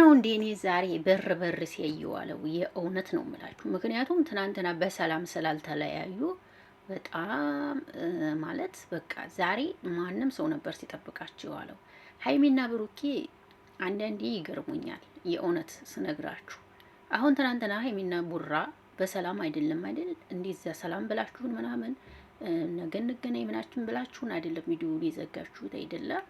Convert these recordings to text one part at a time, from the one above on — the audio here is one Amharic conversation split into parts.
ነው እንዴ? እኔ ዛሬ በር በር ሲያየዋለው የእውነት ነው የምላችሁ። ምክንያቱም ትናንትና በሰላም ስላልተለያዩ በጣም ማለት በቃ ዛሬ ማንም ሰው ነበር ሲጠብቃቸው ዋለው። ሀይሚና ብሩኬ አንዳንዴ ይገርሙኛል የእውነት ስነግራችሁ። አሁን ትናንትና ሀይሚና ቡራ በሰላም አይደለም አይደል? እንዲዛ ሰላም ብላችሁን ምናምን ነገ እንገናኝ ምናችን ብላችሁን አይደለም ቪዲዮን የዘጋችሁት አይደለም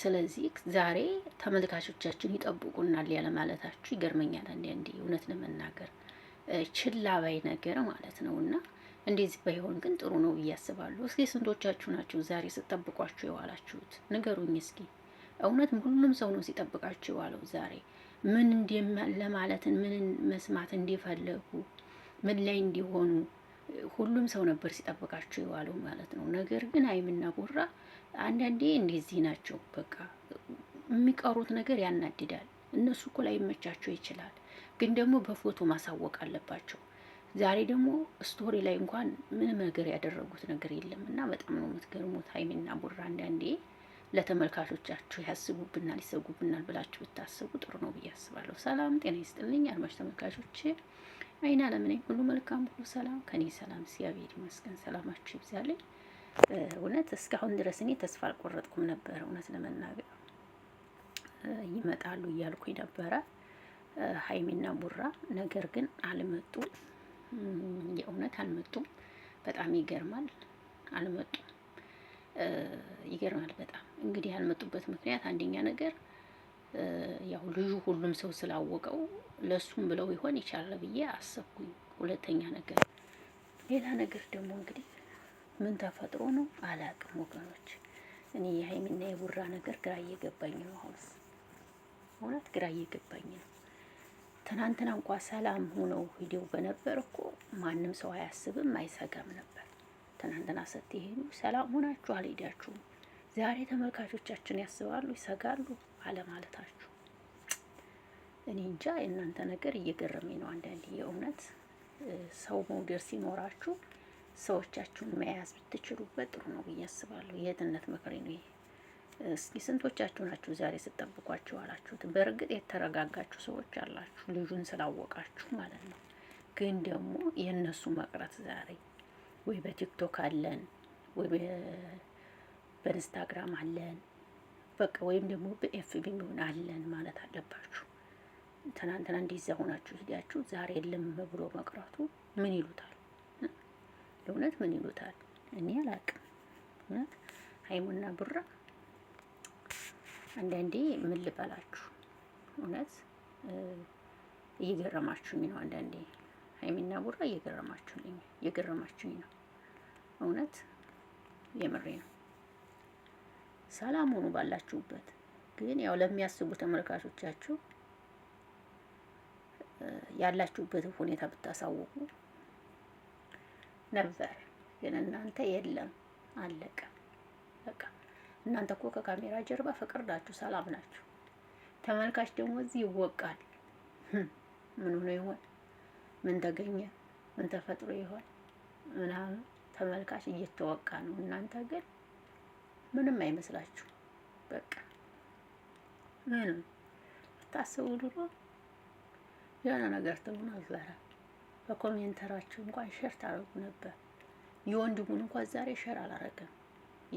ስለዚህ ዛሬ ተመልካቾቻችን ይጠብቁናል ያለ ማለታችሁ ይገርመኛል። አንዳንዴ እውነት ለመናገር ችላ ባይ ነገር ማለት ነው እና እንደዚህ ባይሆን ግን ጥሩ ነው ብዬ አስባለሁ። እስኪ ስንቶቻችሁ ናችሁ ዛሬ ስጠብቋችሁ የዋላችሁት? ንገሩኝ እስኪ። እውነት ሁሉም ሰው ነው ሲጠብቃችሁ የዋለው ዛሬ ምን ለማለትን ምን መስማት እንደፈለጉ ምን ላይ እንዲሆኑ ሁሉም ሰው ነበር ሲጠብቃቸው የዋለው ማለት ነው። ነገር ግን ሀይሚና ቦራ አንዳንዴ እንደዚህ ናቸው። በቃ የሚቀሩት ነገር ያናድዳል። እነሱ እኮ ላይመቻቸው ይችላል፣ ግን ደግሞ በፎቶ ማሳወቅ አለባቸው። ዛሬ ደግሞ ስቶሪ ላይ እንኳን ምንም ነገር ያደረጉት ነገር የለም እና በጣም ነው የምትገርሙት። ሀይሚና ቦራ አንዳንዴ ለተመልካቾቻችሁ ያስቡብናል፣ ይሰጉብናል ብላችሁ ብታስቡ ጥሩ ነው ብዬ አስባለሁ። ሰላም ጤና ይስጥልኝ አድማጭ ተመልካቾች አይና ለምን ሁሉ መልካም ሁሉ ሰላም ከኔ ሰላም እግዚአብሔር ይመስገን። ሰላማችሁ ይብዛልኝ። እውነት እስካሁን ድረስ እኔ ተስፋ አልቆረጥኩም ነበረ። እውነት ለመናገር ይመጣሉ እያልኩኝ ነበረ ሀይሚና ቡራ፣ ነገር ግን አልመጡም። የእውነት አልመጡም። በጣም ይገርማል። አልመጡም፣ ይገርማል በጣም እንግዲህ ያልመጡበት ምክንያት አንደኛ ነገር ያው ልጁ ሁሉም ሰው ስላወቀው ለሱም ብለው ይሆን ይቻላል ብዬ አሰብኩኝ። ሁለተኛ ነገር ሌላ ነገር ደግሞ እንግዲህ ምን ተፈጥሮ ነው አላቅም ወገኖች። እኔ የሀይሚና የቡራ ነገር ግራ እየገባኝ ነው። አሁን እውነት ግራ እየገባኝ ነው። ትናንትና እንኳ ሰላም ሆነው ሂደው በነበር እኮ ማንም ሰው አያስብም አይሰጋም ነበር። ትናንትና ስትሄዱ ሰላም ሆናችኋል ሄዳችሁም ዛሬ ተመልካቾቻችን ያስባሉ፣ ይሰጋሉ አለማለታችሁ እኔ እንጃ። የእናንተ ነገር እየገረመኝ ነው። አንዳንድ የእውነት ሰው መውደድ ሲኖራችሁ ሰዎቻችሁን መያዝ ብትችሉበት ጥሩ ነው ብዬ አስባለሁ። የእህትነት ምክሬ ነው ይሄ። እስኪ ስንቶቻችሁ ናችሁ ዛሬ ስጠብቋችሁ አላችሁት? በእርግጥ የተረጋጋችሁ ሰዎች አላችሁ፣ ልጁን ስላወቃችሁ ማለት ነው። ግን ደግሞ የእነሱ መቅረት ዛሬ ወይ በቲክቶክ አለን ወይ በኢንስታግራም አለን፣ በቃ ወይም ደግሞ በኤፍቢ ሆን አለን ማለት አለባችሁ። ትናንትና እንዲዛ ሆናችሁ ሂዳችሁ ዛሬ ልም ብሎ መቅረቱ ምን ይሉታል? ለእውነት ምን ይሉታል? እኔ አላቅም። እውነት ሀይሙና ብራ አንዳንዴ ምን ልበላችሁ፣ እውነት እየገረማችሁኝ ነው። አንዳንዴ ሀይሚና ቡራ እየገረማችሁልኝ እየገረማችሁኝ ነው። እውነት የምሬ ነው። ሰላም ሆኑ ባላችሁበት። ግን ያው ለሚያስቡ ተመልካቾቻችሁ ያላችሁበት ሁኔታ ብታሳውቁ ነበር። ግን እናንተ የለም አለቀ በቃ። እናንተ እኮ ከካሜራ ጀርባ ፍቅር ናችሁ፣ ሰላም ናችሁ። ተመልካች ደግሞ እዚህ ይወቃል። hm፣ ምን ሆኖ ይሆን? ምን ተገኘ? ምን ተፈጥሮ ይሆን ምናምን ተመልካች እየተወቃ ነው። እናንተ ግን ምንም አይመስላችሁ። በቃ ምንም ታስቡ ድሮ የሆነ ነገር ትሉ ነበረ። በኮሜንተራችሁ እንኳን ሸር ታደርጉ ነበር። የወንድሙን እንኳን ዛሬ ሸር አላረገም።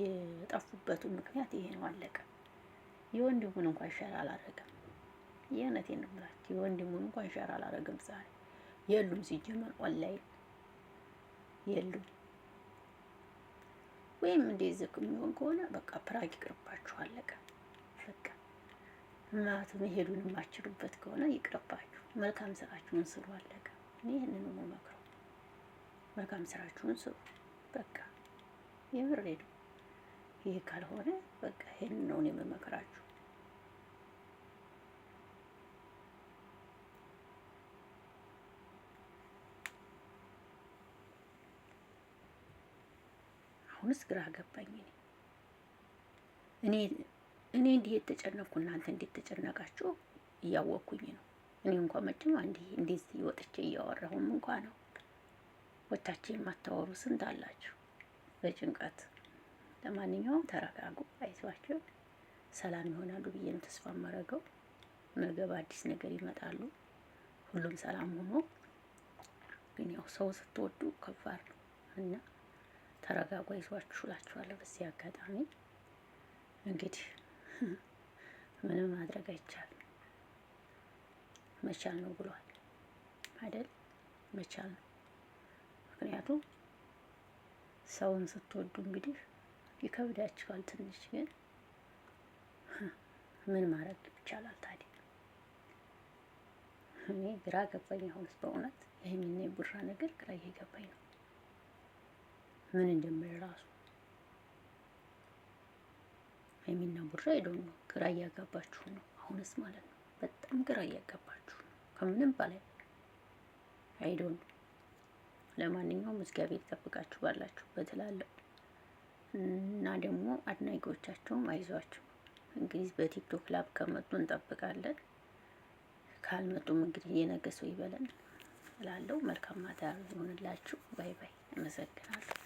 የጠፉበቱ ምክንያት ይሄ ነው፣ አለቀ። የወንድሙን እንኳን ሸር አላረገም። የእውነቴን ነው የምላችሁ። የወንድሙን እንኳን ሸር አላረገም ዛሬ። የሉም ሲጀመር ኦንላይን የሉም። ወይም እንደዚህ የሚሆን ከሆነ በቃ ፕራግ ይቅርባችሁ፣ አለቀ። በቃ ማቱ መሄዱን የማችሉበት ከሆነ ይቅርባችሁ፣ መልካም ስራችሁን ስሩ፣ አለቀ። እኔ ይህንን ነው የምመክረው። መልካም ስራችሁን ስሩ፣ በቃ የምሬ ነው። ይህ ካልሆነ በቃ ይህንን ነው የምመክራችሁ። አሁንስ ግራ ገባኝ። እኔ እኔ እንዲህ የተጨነኩ እናንተ እንዴት ተጨነቃችሁ እያወኩኝ ነው። እኔ እንኳ መቼም አንዴ እንዴት ወጥቼ እያወራሁም እንኳ ነው ወታችሁ የማታወሩ ስንት አላችሁ በጭንቀት። ለማንኛውም ተረጋጉ፣ አይዟችሁ፣ ሰላም ይሆናሉ ብዬ ነው ተስፋ የማደርገው። መገብ አዲስ ነገር ይመጣሉ። ሁሉም ሰላም ሆኖ ግን ያው ሰው ስትወዱ ከባድ ነው እና ተረጋጉ፣ ይዟችሁ እላችኋለሁ። በዚህ አጋጣሚ እንግዲህ ምንም ማድረግ አይቻልም። መቻል ነው ብሏል አይደል? መቻል ነው። ምክንያቱም ሰውን ስትወዱ እንግዲህ ይከብዳችኋል ትንሽ፣ ግን ምን ማድረግ ይቻላል ታዲያ። እኔ ግራ ገባኝ አሁንስ በእውነት ይህንን የጉራ ነገር ግራ እየገባኝ ነው። ምን እንደምል ራሱ ሀይሚና ቡራ ሄደው ነው። ግራ እያጋባችሁ ነው። አሁንስ ማለት ነው በጣም ግራ እያጋባችሁ ነው። ከምንም በላይ አይዶን ለማንኛውም እግዚአብሔር ይጠብቃችሁ ባላችሁበት እላለሁ እና ደግሞ አድናቂዎቻቸውም አይዟቸው። እንግዲህ በቲክቶክ ላብ ከመጡ እንጠብቃለን። ካልመጡም እንግዲህ የነገ ሰው ይበለን እላለሁ። መልካም ማታ ይሆንላችሁ። ባይ ባይ። አመሰግናለሁ።